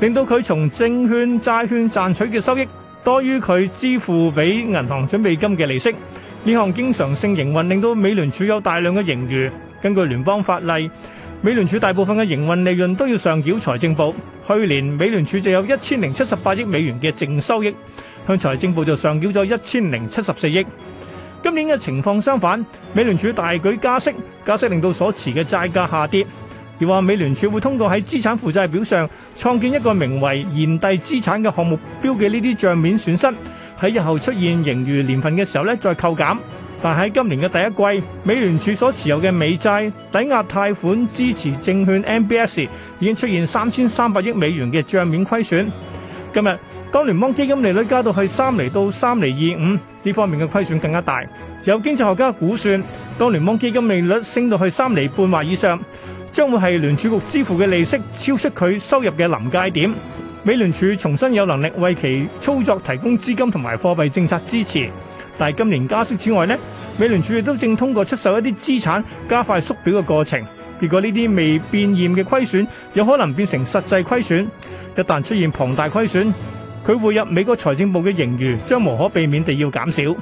令到佢從證券、債券賺取嘅收益多於佢支付俾銀行準備金嘅利息，呢項經常性營運令到美聯儲有大量嘅盈餘。根據聯邦法例，美聯儲大部分嘅營運利潤都要上繳財政部。去年美聯儲就有一千零七十八億美元嘅淨收益，向財政部就上繳咗一千零七十四億。今年嘅情況相反，美聯儲大舉加息，加息令到所持嘅債價下跌。而話，美聯儲會通過喺資產負債表上創建一個名為遞延資產嘅項目，標記呢啲帳面損失喺日後出現盈餘年份嘅時候咧，再扣減。但喺今年嘅第一季，美聯儲所持有嘅美債抵押貸款支持證券 （MBS） 已經出現三千三百億美元嘅帳面虧損。今日當聯邦基金利率加到去三厘到三厘二五呢方面嘅虧損更加大。有經濟學家的估算，當聯邦基金利率升到去三厘半或以上。將會係聯儲局支付嘅利息超出佢收入嘅臨界點，美聯儲重新有能力為其操作提供資金同埋貨幣政策支持。但係今年加息之外呢，美聯儲亦都正通過出售一啲資產加快縮表嘅過程。結果呢啲未變現嘅虧損有可能變成實際虧損，一旦出現龐大虧損，佢匯入美國財政部嘅盈餘將無可避免地要減少。